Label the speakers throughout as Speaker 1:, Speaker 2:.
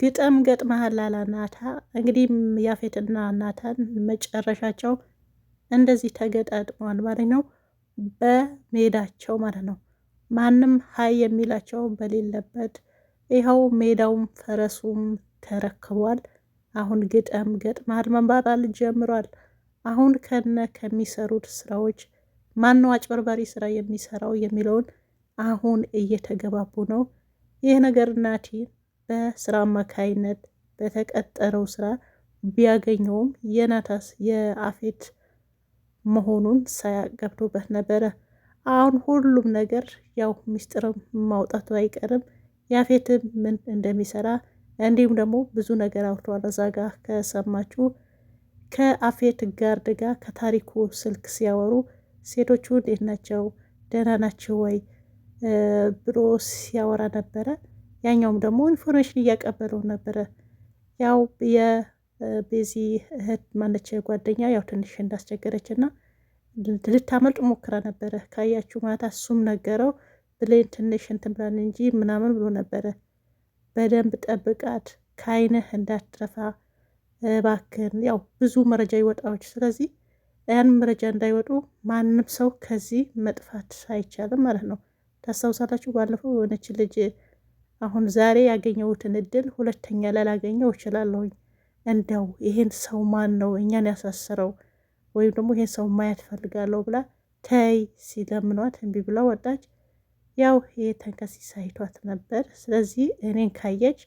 Speaker 1: ግጠም ገጥመሃል አላ ናታ። እንግዲህ ያፌትና ናታን መጨረሻቸው እንደዚህ ተገጣጥመዋል ማለት ነው፣ በሜዳቸው ማለት ነው። ማንም ሀይ የሚላቸው በሌለበት ይኸው ሜዳውም ፈረሱም ተረክቧል። አሁን ግጠም ገጥመሃል መባባል ጀምሯል። አሁን ከነ ከሚሰሩት ስራዎች ማነው አጭበርባሪ ስራ የሚሰራው የሚለውን አሁን እየተገባቡ ነው። ይህ ነገር ናቲ በስራ አማካይነት በተቀጠረው ስራ ቢያገኘውም የናታስ የአፌት መሆኑን ሳያቅ ገብቶበት ነበረ። አሁን ሁሉም ነገር ያው ሚስጥርም ማውጣቱ አይቀርም። የአፌትም ምን እንደሚሰራ እንዲሁም ደግሞ ብዙ ነገር አውርቷል። እዛ ጋ ከሰማችሁ ከአፌት ጋርድ ጋር ከታሪኩ ስልክ ሲያወሩ ሴቶቹ እንዴት ናቸው ደህና ናቸው ወይ ብሎ ሲያወራ ነበረ። ያኛውም ደግሞ ኢንፎርሜሽን እያቀበለው ነበረ። ያው የቤዚ እህት ማነች ጓደኛ ያው ትንሽ እንዳስቸገረች እና ልታመልጥ ሞክራ ነበረ ካያችሁ ማታ እሱም ነገረው ብሌን ትንሽ እንትን ብላን እንጂ ምናምን ብሎ ነበረ። በደንብ ጠብቃት ከአይንህ እንዳትረፋ እባክን። ያው ብዙ መረጃ ይወጣዎች። ስለዚህ ያን መረጃ እንዳይወጡ ማንም ሰው ከዚህ መጥፋት አይቻልም ማለት ነው። ታስታውሳላችሁ ባለፈው የሆነች ልጅ አሁን ዛሬ ያገኘሁትን እድል ሁለተኛ ላገኘው እችላለሁኝ። እንደው ይሄን ሰው ማን ነው እኛን ያሳስረው ወይም ደግሞ ይሄን ሰው ማየት ፈልጋለሁ ብላ ተይ ሲለምኗት እምቢ ብላ ወጣች። ያው ይሄ ተንከሲ ሳይቷት ነበር። ስለዚህ እኔን ካየች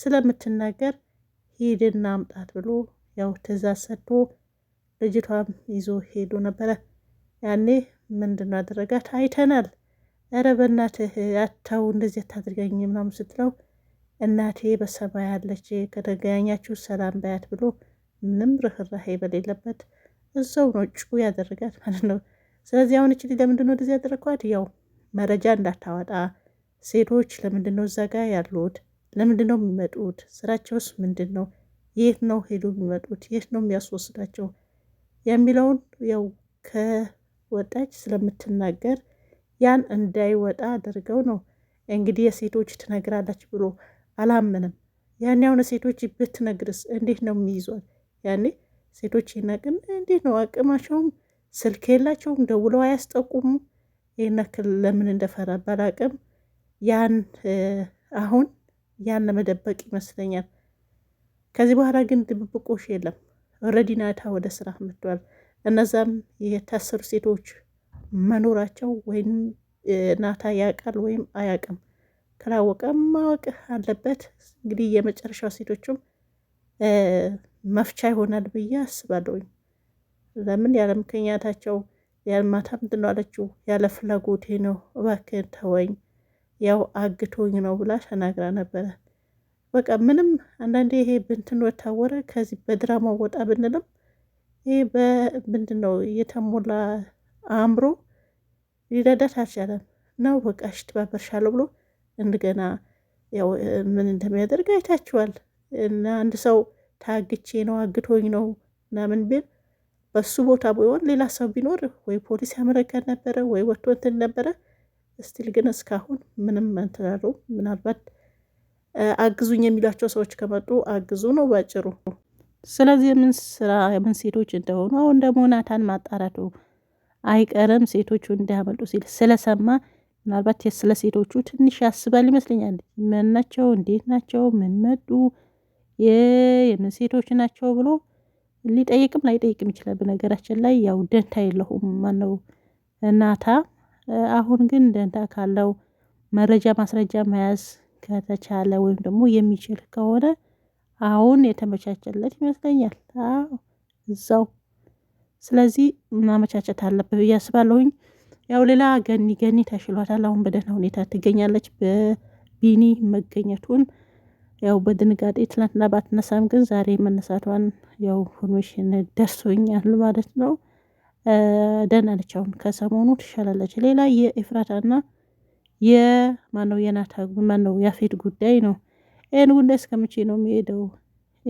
Speaker 1: ስለምትናገር ሂድና አምጣት ብሎ ያው ትእዛዝ ሰጥቶ ልጅቷም ይዞ ሄዱ ነበረ። ያኔ ምንድን አደረጋት አይተናል። ኧረ በእናትህ አተው እንደዚህ አታድርገኝ ምናምን ስትለው እናቴ በሰማይ አለች ከተገናኛችሁ ሰላም ባያት ብሎ ምንም ርህራሄ በሌለበት እዛው ነጩ ያደረጋት ማለት ነው። ስለዚህ አሁን እችል ለምንድን ነው እንደዚህ ያደረግኳት? ያው መረጃ እንዳታወጣ ሴቶች ለምንድን ነው እዛ ጋ ያሉት? ለምንድን ነው የሚመጡት? ስራቸውስ ምንድን ነው? የት ነው ሄዱ የሚመጡት? የት ነው የሚያስወስዳቸው የሚለውን ያው ከወጣች ስለምትናገር ያን እንዳይወጣ አድርገው ነው እንግዲህ የሴቶች ትነግራለች ብሎ አላምንም። ያኔ አሁን ሴቶች ብትነግርስ እንዴት ነው የሚይዟል? ያኔ ሴቶች ይነግን እንዴት ነው አቅማቸውም፣ ስልክ የላቸውም፣ ደውለው አያስጠቁሙ። ይህን ያክል ለምን እንደፈራ ባላቅም ያን አሁን ያን ለመደበቅ ይመስለኛል። ከዚህ በኋላ ግን ድብብቆሽ የለም። ረዲናታ ወደ ስራ መጥቷል። እነዛም የታሰሩ ሴቶች መኖራቸው ወይም ናታ ያውቃል ወይም አያውቅም። ካላወቀ ማወቅ አለበት። እንግዲህ የመጨረሻው ሴቶችም መፍቻ ይሆናል ብዬ አስባለሁኝ። ለምን ያለ ምክንያታቸው ያልማታ ምንድን ነው አለችው፣ ያለ ፍላጎቴ ነው እባክህን ተወኝ፣ ያው አግቶኝ ነው ብላ ተናግራ ነበረ። በቃ ምንም አንዳንዴ ይሄ ብንትን ወታወረ ከዚህ በድራማ ወጣ ብንልም ይሄ በምንድን ነው የተሞላ አእምሮ ሊረዳት አልቻለም። ነው በቃ እሺ ትባበርሻለሁ ብሎ እንደገና ያው ምን እንደሚያደርግ አይታችኋል። እና አንድ ሰው ታግቼ ነው አግቶኝ ነው ምናምን ቢል በሱ ቦታ ቢሆን ሌላ ሰው ቢኖር ወይ ፖሊስ ያመለከት ነበረ ወይ ወጥቶ እንትን ነበረ። ስቲል ግን እስካሁን ምንም መንትናሉ። ምናልባት አግዙኝ የሚሏቸው ሰዎች ከመጡ አግዙ ነው ባጭሩ። ስለዚህ የምን ስራ ምን ሴቶች እንደሆኑ አሁን ደግሞ ናታን ማጣራቱ አይቀርም ሴቶቹ እንዳያመልጡ ሲል ስለሰማ ምናልባት ስለ ሴቶቹ ትንሽ ያስባል ይመስለኛል። ምን ናቸው፣ እንዴት ናቸው፣ ምን መጡ፣ የምን ሴቶች ናቸው ብሎ ሊጠይቅም ላይጠይቅም ይችላል። በነገራችን ላይ ያው ደንታ የለሁም ማነው እናታ አሁን ግን ደንታ ካለው መረጃ ማስረጃ መያዝ ከተቻለ ወይም ደግሞ የሚችል ከሆነ አሁን የተመቻቸለት ይመስለኛል እዛው ስለዚህ ማመቻቸት አለብህ ብዬ አስባለሁኝ። ያው ሌላ ገኒ ገኒ ተሽሏታል። አሁን በደህና ሁኔታ ትገኛለች። በቢኒ መገኘቱን ያው በድንጋጤ ትናንትና ባትነሳም ግን ዛሬ መነሳቷን ያው ሁኖሽን ደርሶኛል ማለት ነው። ደህና ነች። አሁን ከሰሞኑ ትሻላለች። ሌላ የኤፍራታና የማነው የናታ ማነው ያፌት ጉዳይ ነው። ይህን ጉዳይ እስከመቼ ነው የሚሄደው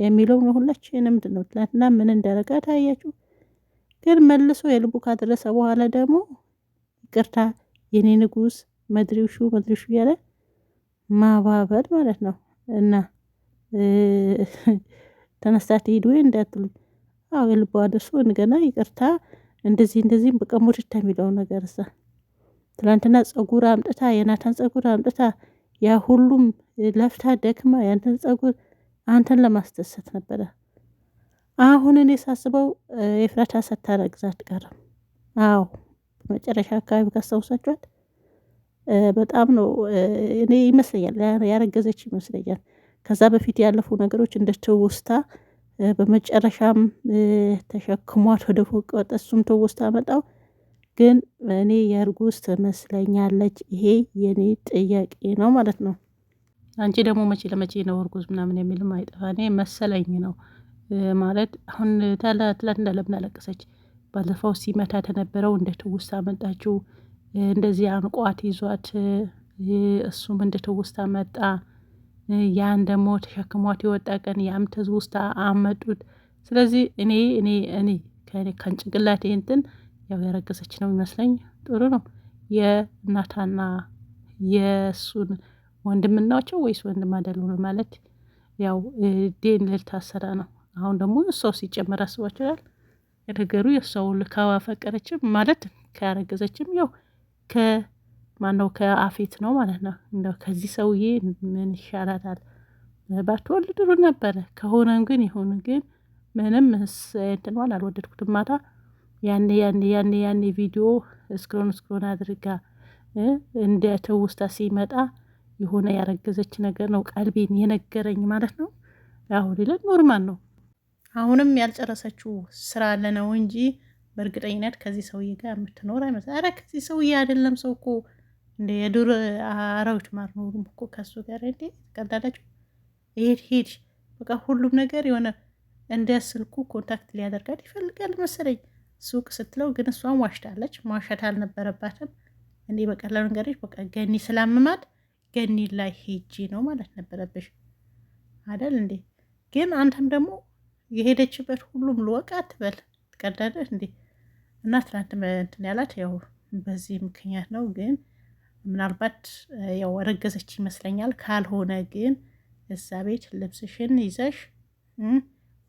Speaker 1: የሚለው ነው። ሁላችንም ምንድን ነው ምን እንዳረጋ ታያችሁ። ግን መልሶ የልቡ ካደረሰ በኋላ ደግሞ ይቅርታ የኔ ንጉስ መድሪሹ መድሪሹ እያለ ማባበል ማለት ነው። እና ተነስታት ሄድ ወይ እንዳትሉ። አዎ የልቧ ደርሶ እንገና ይቅርታ እንደዚህ እንደዚህም በቃ ሙድታ የሚለው ነገር እዛ ትላንትና ጸጉር አምጥታ የናታን ጸጉር አምጥታ ያ ሁሉም ለፍታ ደክማ ያንተን ጸጉር አንተን ለማስደሰት ነበረ። አሁን እኔ ሳስበው ኤፍራታ ሳታረግዝ አትቀርም። አዎ መጨረሻ አካባቢ ካስታውሳችኋል፣ በጣም ነው እኔ ይመስለኛል ያረገዘች ይመስለኛል። ከዛ በፊት ያለፉ ነገሮች እንደ ትውስታ በመጨረሻም ተሸክሟት ወደ ፎቅ ወጣ። እሱም ትውስታ መጣው። ግን እኔ የእርጉዝ ትመስለኛለች። ይሄ የኔ ጥያቄ ነው ማለት ነው። አንቺ ደግሞ መቼ ለመቼ ነው እርጉዝ ምናምን የሚልም አይጠፋ። እኔ መሰለኝ ነው ማለት አሁን ትላንት ለምን አለቀሰች? ባለፈው ሲመታ ተነበረው እንደ ትውስታ መጣችው። እንደዚህ አንቋት ይዟት እሱም እንደ ትውስታ መጣ። ያን ደግሞ ተሸክሟት የወጣ ቀን ያም ትውስታ አመጡት። ስለዚህ እኔ እኔ እኔ ከንጭንቅላቴ እንትን ያው ያረገሰች ነው ይመስለኝ። ጥሩ ነው የእናታና የእሱን ወንድምናቸው ወይስ ወንድም አይደሉም ማለት ያው ዴን ልታሰራ ነው አሁን ደግሞ እሷው ሲጨመር አስባችኋል። ነገሩ የእሷው ካፈቀረችም ማለት ከያረገዘችም ያው ከማነው ከአፌት ነው ማለት ነው። እንደው ከዚህ ሰውዬ ምን ይሻላታል? ባትወልድ ጥሩ ነበረ። ከሆነም ግን ይሁን ግን ምንም እንትንዋል አልወደድኩትም። ማታ ያኔ ያኔ ያኔ ያኔ ቪዲዮ እስክሮን እስክሮን አድርጋ እንደ ትውስታ ሲመጣ የሆነ ያረገዘች ነገር ነው ቀልቤን የነገረኝ ማለት ነው። አሁን ሌላ ኖርማል ነው። አሁንም ያልጨረሰችው ስራ አለ ነው እንጂ በእርግጠኝነት ከዚህ ሰውዬ ጋር የምትኖር አይመስል። አረ ከዚህ ሰውዬ አይደለም ሰው እኮ እንደ የዱር አራዊት ማርኖሩም እኮ ከሱ ጋር እንዴ ቀዳላችሁ ሄድ ሄድ በቃ ሁሉም ነገር የሆነ እንደ ስልኩ ኮንታክት ሊያደርጋት ይፈልጋል መሰለኝ ሱቅ ስትለው ግን እሷን ዋሽታለች። ማሸት አልነበረባትም። እንዴ በቀላሉ ነገሮች በቃ ገኒ ስላመማት ገኒ ላይ ሄጂ ነው ማለት ነበረብሽ አደል እንዴ? ግን አንተም ደግሞ የሄደችበት ሁሉም ልወቅ አትበል። ትቀዳለህ እንዴ? እና ትናንት እንትን ያላት ያው በዚህ ምክንያት ነው። ግን ምናልባት ያው ረገዘች ይመስለኛል። ካልሆነ ግን እዛ ቤት ልብስሽን ይዘሽ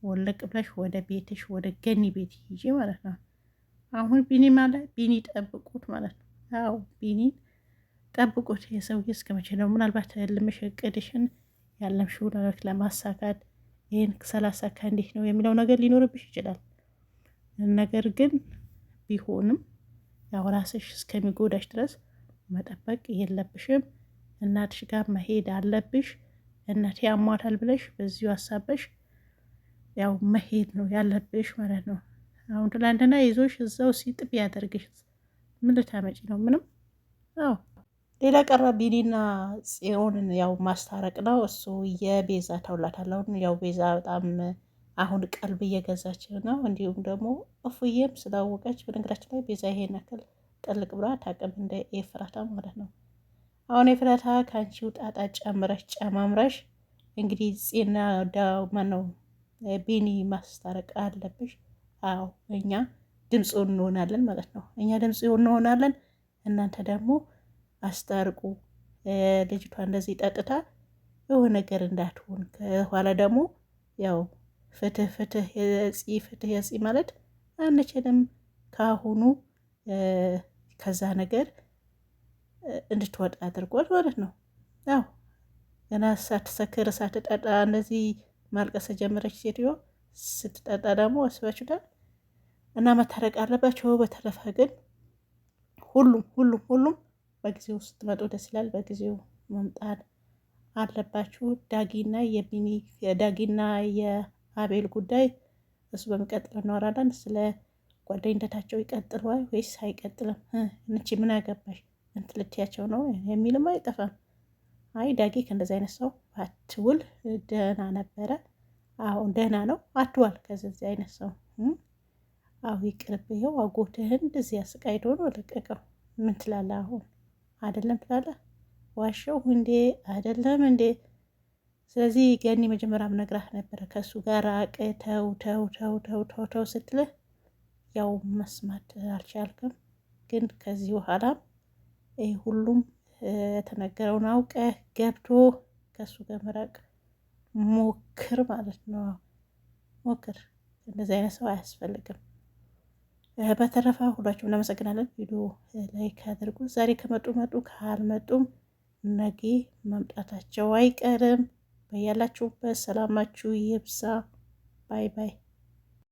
Speaker 1: ወለቅ ብለሽ ወደ ቤትሽ ወደ ገኒ ቤት ሂጂ ማለት ነው። አሁን ቢኒ ማለት ቢኒ ጠብቁት ማለት ነው። አዎ ቢኒ ጠብቁት። የሰውዬ እስከመቼ ነው? ምናልባት ልምሽ እቅድሽን ያለምሽውን ለማሳካት ይህን ሰላሳ ከእንዴት ነው የሚለው ነገር ሊኖርብሽ ይችላል። ነገር ግን ቢሆንም ያው ራስሽ እስከሚጎዳሽ ድረስ መጠበቅ የለብሽም። እናትሽ ጋር መሄድ አለብሽ። እናቴ ያሟታል ብለሽ በዚሁ አሳበሽ ያው መሄድ ነው ያለብሽ ማለት ነው። አሁን ትላንትና ይዞሽ እዛው ሲጥብ ያደርግሽ ምን ልታመጪ ነው? ምንም አዎ ሌላ ቀረ ቢኒና ጽዮንን ያው ማስታረቅ ነው። እሱ የቤዛ ተውላታለሁን ያው ቤዛ በጣም አሁን ቀልብ እየገዛች ነው። እንዲሁም ደግሞ እፉዬም ስላወቀች በነገራችን ላይ ቤዛ ይሄን ያክል ጥልቅ ብሏ ታቅም እንደ ኤፍራታ ማለት ነው። አሁን ኤፍራታ ከአንቺው ጣጣ ጨምረሽ ጨማምረሽ እንግዲህ ጽና ዳማ ነው ቢኒ ማስታረቅ አለብሽ። አዎ እኛ ድምፅ እንሆናለን ማለት ነው። እኛ ድምፅ እንሆናለን እናንተ ደግሞ አስታርቁ። ልጅቷ እንደዚህ ጠጥታ የሆነ ነገር እንዳትሆን ከኋላ ደግሞ ያው ፍትህ ፍትህ የፂ ፍትህ የፂ ማለት አንችልም። ከአሁኑ ከዛ ነገር እንድትወጣ አድርጓል ማለት ነው። ያው ገና ሳትሰክር ሳትጠጣ እንደዚህ ማልቀስ ጀመረች ሴትዮ። ስትጠጣ ደግሞ አስባችሁታል። እና መታረቅ አለባቸው። በተረፈ ግን ሁሉም ሁሉም ሁሉም በጊዜው ስትመጡ ደስ ይላል። በጊዜው መምጣት አለባችሁ። ዳጊና የቢኒ ዳጊና የአቤል ጉዳይ እሱ በሚቀጥለው እናወራለን። ስለ ጓደኝነታቸው ይቀጥለዋል ወይስ አይቀጥልም? እንቺ ምን አገባሽ እንትልትያቸው ነው የሚልም አይጠፋም። አይ ዳጊ ከእንደዚ አይነት ሰው አትውል። ደህና ነበረ፣ አሁን ደህና ነው። አትዋል ከዚህ አይነት ሰው አሁ ይቅርብ። ይኸው አጎትህን እንደዚህ አስቃይቶ ነው ለቀቀው። ምን ትላለህ አሁን? አይደለም ትላለህ። ዋሸው እንዴ? አይደለም እንዴ? ስለዚህ ገኒ መጀመሪያም ነግራህ ነበረ ከእሱ ጋር አቅ ተው ተው ተው ተው ተው ተው ስትልህ ያው መስማት አልቻልክም። ግን ከዚህ በኋላም ሁሉም የተነገረውን አውቀህ ገብቶ ከእሱ ጋር መራቅ ሞክር ማለት ነው። ሞክር። እንደዚህ አይነት ሰው አያስፈልግም። በተረፈ ሁላችሁም እናመሰግናለን። ቪዲዮ ላይክ አድርጉ። ዛሬ ከመጡ መጡ፣ ካልመጡም ነገ መምጣታቸው አይቀርም። በያላችሁበት ሰላማችሁ ይብዛ። ባይ ባይ